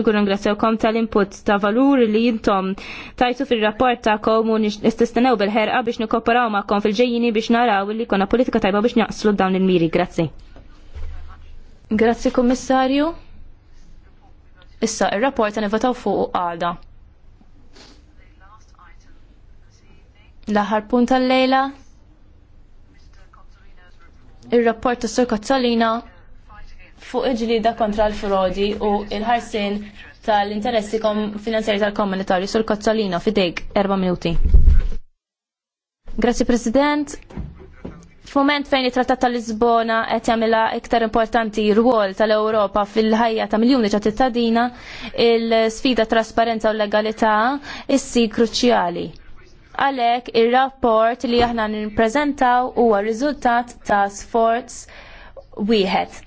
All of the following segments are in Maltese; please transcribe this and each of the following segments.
Nikun ringrazzjawkom tal-input ta' valur li jintom tajtu fil-rapport kom u nististenew bil-ħerqa biex nikoperaw ma'kom fil-ġejjini biex naraw li konna politika tajba biex naqslu dawn il-miri. Grazzi. Grazzi, Kommissarju. Issa, il-rapport għan nivotaw fuq għada. L-aħħar punt tal-lejla. Il-rapport ta' Sir Kazzalina fuq iġlida kontra l-frodi u il-ħarsin tal-interessi finanzjari tal-komunitarju sur Kozzolino fidejk erba' minuti. Grazie President. F'moment fejn it-Trattat tal-Lisbona qed jagħmilha iktar importanti rwol tal-Ewropa fil-ħajja ta' miljuni ta' tittadina, il-sfida trasparenza u legalità issi kruċjali. Għalhekk ir-rapport li aħna nippreżentaw huwa riżultat ta' sforz wieħed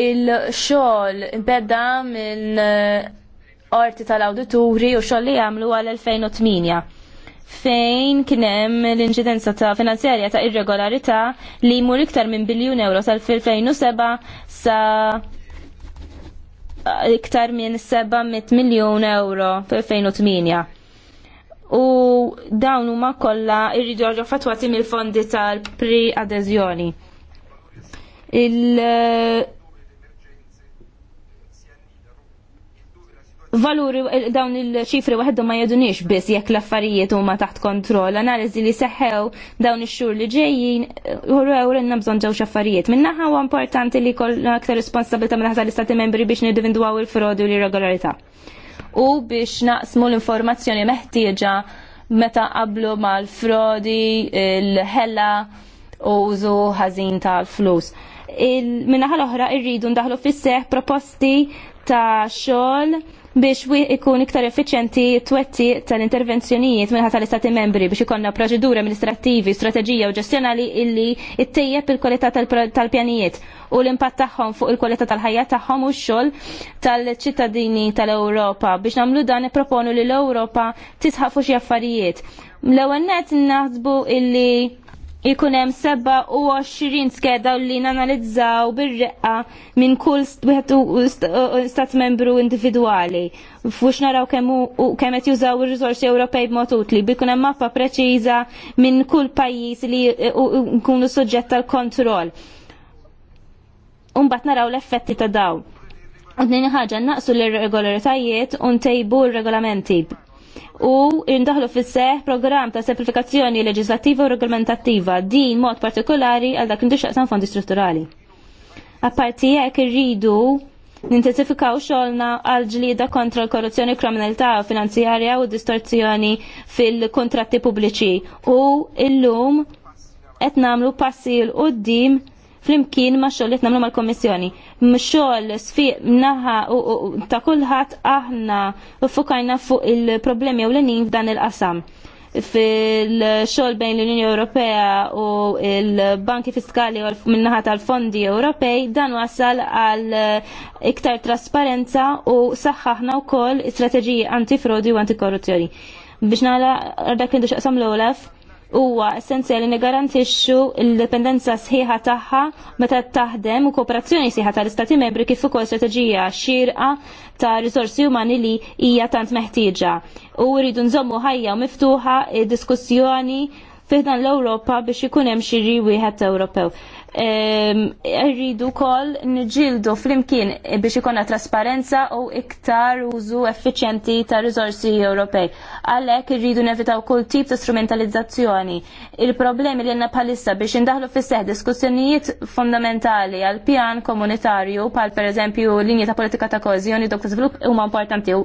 il-xogħol beda minn eh, orti tal-awdituri u xogħol li jagħmlu għal 2008 fejn kien hemm l-inċidenza ta' finanzjarja ta' irregolarità li jmur iktar minn biljun euro tal-2007 sa eh, iktar minn 700 miljon euro fil-2008. U dawn huma kollha irridu ġo fatwati mill-fondi tal-pre-adeżjoni. Il- eh, valuri dawn il-ċifri waħdu ma jadunix biss jekk l-affarijiet huma taħt kontroll. Analiżi li seħħew dawn ix-xhur li ġejjin eh, u rinna bżonn ġewx affarijiet. Minnaħa huwa importanti li jkollna aktar responsabilità minn ħaża l-istati membri biex nidivindwaw il-frodi u l-irregolarità. U biex naqsmu l-informazzjoni meħtieġa meta qablu mal-frodi, il-ħela u użu ħażin tal-flus. Minnaħa l-oħra irridu ndaħlu fis-seħ proposti ta' xogħol biex ikun iktar effiċenti twetti tal-intervenzjonijiet minħat tal-istati membri biex ikonna proċeduri amministrativi, strateġija u ġestjonali illi ittejjeb il-kwalità tal-pjanijiet u l-impatt tagħhom fuq il-kwalità tal-ħajja tagħhom u x-xogħol tal-ċittadini tal-Ewropa. Biex nagħmlu dan nipproponu li l-Ewropa tisħaq fuq xi affarijiet. L-ewwel nett naħsbu illi ikun hemm 27 skeda li nanalizzaw bir-reqqa minn kull stat membru individwali fux naraw kemm qed jużaw ir rizorsi Ewropej b'mod utli Bikunem hemm mappa preċiża minn kull pajjiż li e, nkunu suġġett tal-kontroll. Unbat naraw l-effetti ta' daw. U ħaġa naqsu l-irregolaritajiet u ntejbu r-regolamenti u indaħlu fis seħ program ta' semplifikazzjoni leġislattiva u regolamentattiva din mod partikolari għal dak san fondi strutturali. Apparti jekk irridu nintensifikaw xolna għal ġlida kontra l-korruzzjoni kriminalità finanzjarja u distorzjoni fil-kontratti pubbliċi u illum qed nagħmlu passi l qoddim flimkien ma' xogħol li nagħmlu mal-Kommissjoni. M'xogħol sfiq naħa ta' kulħadd aħna fukajna fuq il-problemi ewlenin f'dan il-qasam fil-xogħol bejn l-Unjoni Ewropea u l-Banki Fiskali u minnaħa tal-Fondi Ewropej dan wasal għal eh, iktar trasparenza u saħħaħna wkoll strateġiji antifrodi u antikorruzzjoni. Biex nala dak kendu xaqsam l-Olaf, huwa essenzjali garantixxu l-dipendenza sħiħa tagħha meta taħdem u kooperazzjoni sħiħa tal-Istati Membri kif ukoll strateġija xirqa ta' risorsi umani li hija tant meħtieġa. U rridu nżommu ħajja u miftuħa diskussjoni dan l-Ewropa biex ikun hemm xi wieħed Ewropew rridu kol nġildu flimkien imkien biex ikonna trasparenza u iktar użu effiċjenti ta' rizorsi Ewropej. Għalek rridu nevitaw kull tip ta' strumentalizzazzjoni. Il-problemi li għanna palissa biex indaħlu fis diskussjonijiet fondamentali għal pjan komunitarju pal per eżempju linja ta' politika ta' kozjoni dok svilupp huma importanti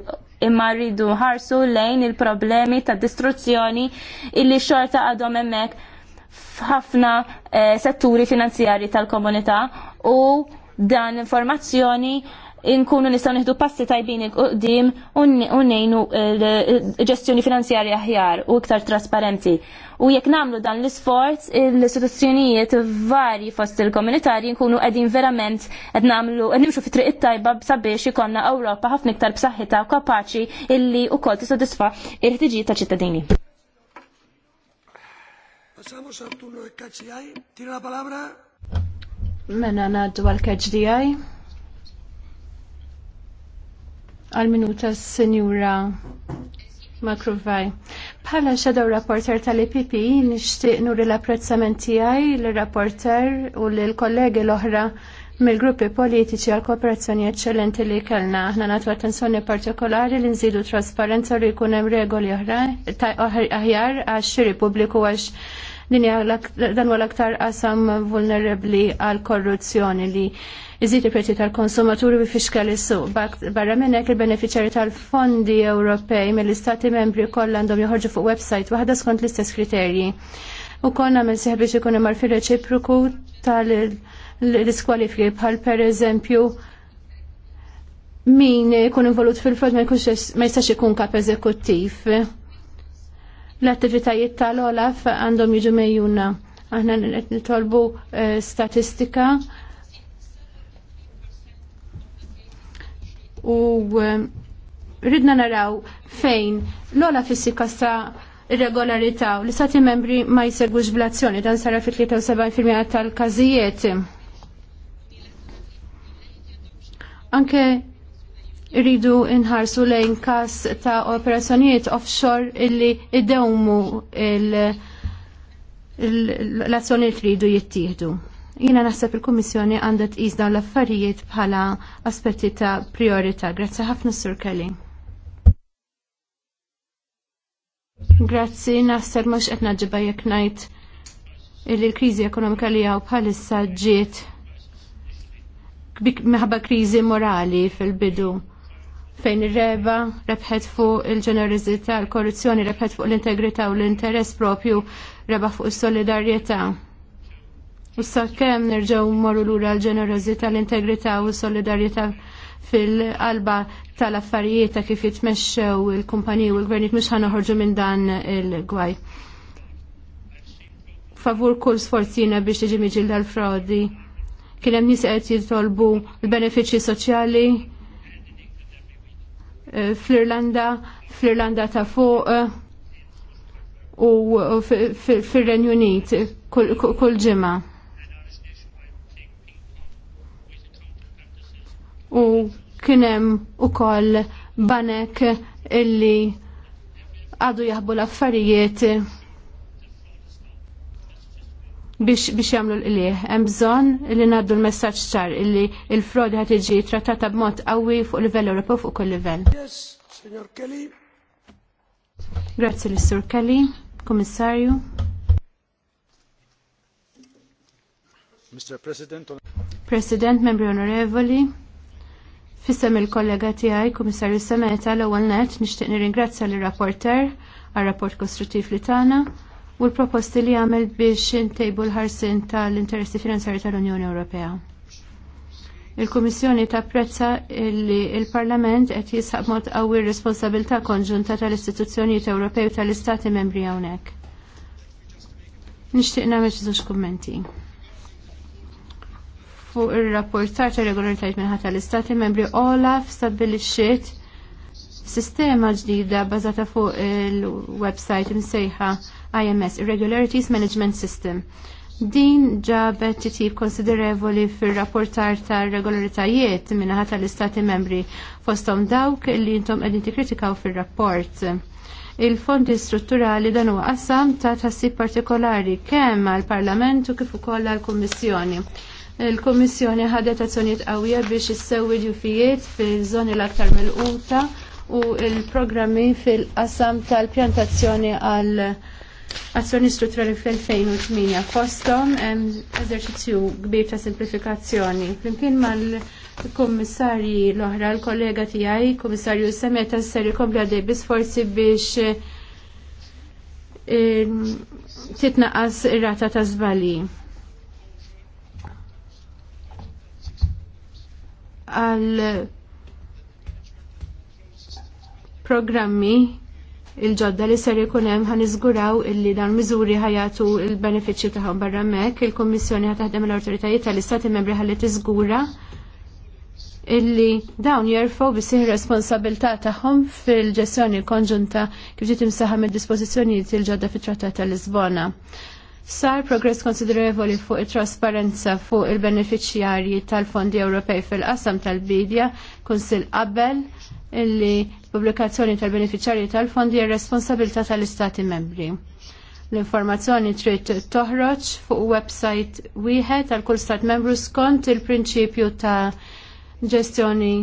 imma rridu ħarsu lejn il-problemi ta' distruzzjoni illi xorta għadhom hemmhekk f'ħafna eh, setturi finanzjari tal-komunità u dan informazzjoni inkunu nistaw nieħdu passi tajbin il-qoddim u nejnu l-ġestjoni finanzjarja aħjar u iktar trasparenti. U jekk namlu dan l-isforz, l-istituzzjonijiet varji fost il-komunitarji nkunu qegħdin verament qed namlu qed nimxu fit-triq it-tajba sabiex ikonna Ewropa ħafna iktar b'saħħitha u kapaċi illi wkoll tissodisfa' il-ħtiġijiet ta' ċittadini. Pasamos al turno de KCI. Tiene la palabra. Mena naddu għal KCI. Għal minuta s-senjura Makruvaj. Bħala xadaw rapporter tal-IPP, nishtiq nuri l-apprezzament għaj l-rapporter u l-kollegi l-oħra mill-gruppi politiċi għal kooperazzjoni eccellenti li kellna. Aħna natu attenzjoni partikolari li nżidu trasparenza li jkun hemm regoli aħjar għax xiri pubbliku għax dan huwa l-aktar qasam vulnerabbli għal korruzzjoni li iżid il-prezzi tal-konsumaturi bi fixkel is-suq. Barra minn hekk il beneficjari tal-fondi Ewropej mill-istati membri kollha għandhom joħorġu fuq website waħda skont l-istess kriterji. U konna minn biex ikun hemm marfi reċiproku tal- l-diskwalifiki bħal pereżempju min jkun involut fil-frod ma jistax ikun kap eżekuttiv. L-attivitajiet tal-Olaf għandhom jiġu mejjuna. Aħna qed nitolbu eh, statistika u eh, ridna naraw fejn l-Olaf fissika sa irregolarità u l-istati membri ma jsegwux blazzjoni dan sara fit-73% tal-każijiet. Anke rridu inħarsu lejn kas ta' operazzjonijiet offshore illi idewmu l-azzjoni li tridu jittieħdu. Jina naħseb il-Kummissjoni għandha tqis dawn l-affarijiet bħala aspetti ta' priorità. Grazzi ħafna Sur Kelly. Grazzi, naħseb mhux qed naġġibha jekk ngħid li l-kriżi ekonomika li hawn bħalissa ġiet minħabba kriżi morali fil-bidu fejn ir-reba rebħet fuq il ġenerizita l-korruzzjoni rebħet fuq l-integrità u l-interess propju rebħa fuq is-solidarjetà. U sakemm nerġgħu morru lura l-ġenerożità, l-integrità u s-solidarjetà fil-qalba tal-affarijiet ta' kif jitmexxew il-kumpaniji u l-gvernijiet mhux ħanoħorġu minn dan il-gwaj. Favur kull sforzina biex jiġi miġil dal-frodi kien hemm nies qed jitolbu l-benefiċċji soċjali eh, fl-Irlanda, fl-Irlanda ta' fuq u fir-Renju Unit kull ġimma. U kien hemm ukoll banek illi għadu jahbu l-affarijiet biex biex jagħmlu l-qlieħ. Hemm bżonn li ngħaddu l-messaġġ ċar illi l-frodi ħad iġi trattata b'mod qawwi fuq livell Ewropew fuq kull livell. Yes, Signor Kelly. Grazzi lis-Sur Kelly, Kummissarju. Mr. President. President, membri onorevoli, fissem il-kollega tiegħi, Kummissarju Semeta, l-ewwel net nixtieq nirringrazzja lir rapporter għar-rapport kostruttiv li tagħna u l-proposti li għamel biex intejbu l-ħarsin tal-interessi finanzjari tal-Unjoni Ewropea. Il-Kummissjoni tapprezza li il-Parlament qed jisħab mod qawwi r-responsabilità konġunta tal-istituzzjonijiet Ewropej u tal-Istati membri hawnhekk. Nixtieq nagħmel xi żewġ kummenti fuq ir-rapportar ta' regolaritajt minħata tal istati membri Olaf stabbilixxiet sistema ġdida bażata fuq il-website imsejħa IMS, Irregularities Management System. Din ġabet titib konsiderevoli fil-rapportar ta' regolaritajiet ħata tal-istati membri fostom dawk li jintom edin kritikaw fil-rapport. Il-fondi strutturali dan huwa qassam ta' tassib partikolari kemm għal-Parlament u kif ukoll għall kummissjoni Il-Kummissjoni ħadet azzjonijiet qawwija biex issewwi ġufijiet fil-żoni l-aktar mill-quta u il-programmi fil-qasam tal-pjantazzjoni għal, -programmi pjantazzjoni għal azzjoni strutturali fl-2008 fostom eżerċizzju kbir ta' simplifikazzjoni. Flimkien mal-kommissarji l-oħra, l-kollega tiegħi, kommissarju Semeta ser ikompli għaddej bisforzi biex titnaqqas ir-rata ta' zbali. Għal programmi il-ġodda li ser ikun hemm ħan iżguraw illi dan miżuri ħajatu il-benefiċċji tagħhom barra hemmhekk, il-Kummissjoni ħad taħdem l-awtoritajiet tal-Istati Membri ħalli tiżgura illi dawn jerfgħu biss responsabilità tagħhom fil-ġestjoni konġunta kif ġiet imsaħħa mid-dispożizzjonijiet il-ġodda fit-Trattat tal-Lisbona. Sar progress konsiderevoli fuq it-trasparenza fuq il-beneficjarji tal-fondi Ewropej fil-qasam tal-bidja, kunsil qabel illi pubblikazzjoni tal-beneficjarji tal-fondi hija responsabilità tal-Istati membri. L-informazzjoni trid toħroġ fuq website wieħed għal kull stat membru skont il-prinċipju ta' ġestjoni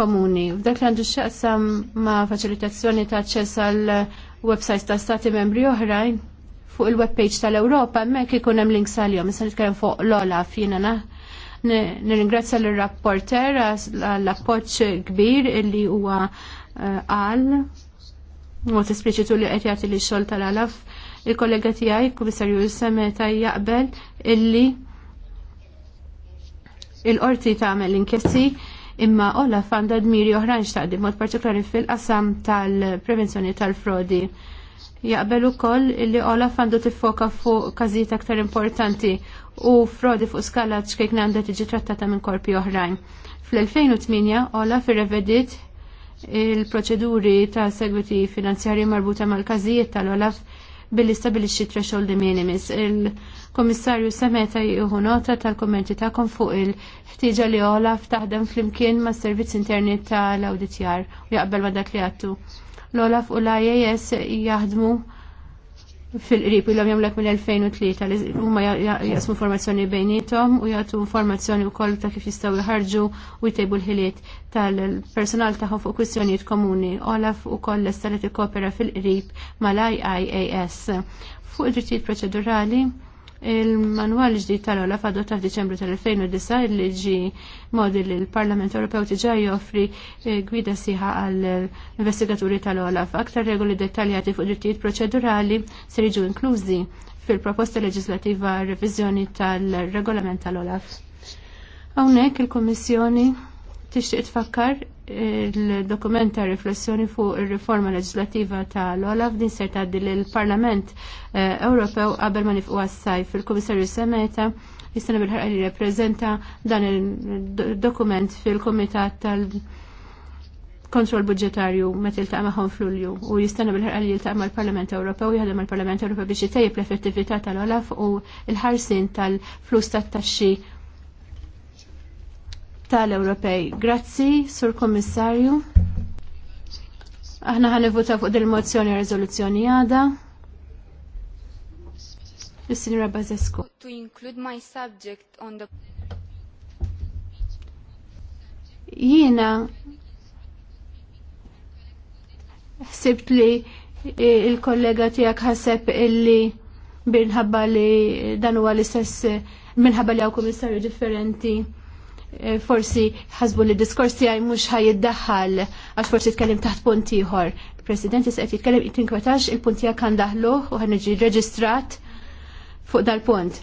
komuni. F'dak li għandu xaqsam ma' faċilitazzjoni ta' aċċess għal websites ta' stati membri oħrajn fuq il-webpage tal ewropa mek ikun hemm links għalihom, issa nitkellem fuq l-ola fina na Nirringrazzja l-rapporter għall-appoġġ kbir illi huwa eh, għal mod espliċitu li qed jagħti li xogħol tal-alaf il-kollega tiegħi kummissarju semeta jaqbel illi il-qorti tagħmel inkjesti imma Olaf għandha dmiri oħrajn x'taqdi mod partikolari fil-qasam tal-prevenzjoni tal-frodi. tal prevenzjoni tal frodi jaqbel ukoll li Olaf għandu tiffoka fuq każijiet aktar importanti u frodi fuq skala ċkejk għandha tiġi trattata minn korpi oħrajn. Fl-2008 Olaf irrevediet il-proċeduri ta' segwiti finanzjari marbuta mal-każijiet tal-Olaf billi stabilixxi threshold minimis. Il-Komissarju semeta jieħu nota tal-kommenti tagħkom fuq il-ħtieġa li Olaf taħdem flimkien mas servizz interni tal-awditjar u jaqbel ma dak li għattu l-Olaf u l-IAS jaħdmu fil-qrib il-lom jamlek minn 2003 li huma jaqsmu informazzjoni bejnietom u jagħtu informazzjoni wkoll ta' kif jistgħu jħarġu u jtejbu l-ħiliet tal-personal tagħhom fuq kwistjonijiet komuni. Olaf ukoll l-estalet tikkopera fil-qrib mal-IIAS. Fuq id-drittijiet proċedurali, Il-manwal ġdid tal-Olaf ta' f'Diċembru tal-2009 li ġi modi li l-Parlament Ewropew tiġa joffri eh, gwida siħa għall investigaturi tal-Olaf. Aktar regoli dettaljati fuq drittijiet proċedurali ser jiġu inklużi fil-proposta leġislativa revizjoni tal-regolament tal-Olaf. Hawnhekk il-Kummissjoni tixtieq tfakkar eh, il-dokument ta' riflessjoni fuq ir-riforma leġislattiva ta' l ola din ser tgħaddi lill-Parlament eh, Ewropew qabel ma nifqu għas-sajf. Il-Kummissarju Semeta jista' bil-ħarqa li reprezenta dan il-dokument fil kumitat tal-Kontroll Budġetarju meta jiltaqa' magħhom f'Lulju u jista' bil-ħarqa li jiltaqa' mal-Parlament Ewropew jaħdem mal-Parlament Ewropew biex jitejjeb l-effettività tal-Olaf u l-ħarsin tal-flus tat-taxxi tal-Ewropej. Grazzi, Sur Kommissarju. Aħna ħan votaw fuq dil-mozzjoni rezoluzzjoni għada. Is-Sinjura Bazescu. To include my subject on the Jiena ħsibt li il-kollega tiegħek ħaseb illi minħabba li dan huwa l-istess minħabba li hawn kummissarju differenti Eh, forsi ħasbu li diskors tiegħi mhux ħajiddaħħal għax forsi tkellem taħt punti ieħor. President se qed jitkellem intinkwetax il punti tiegħek kan daħluh u ħanġi reġistrat fuq dal-punt.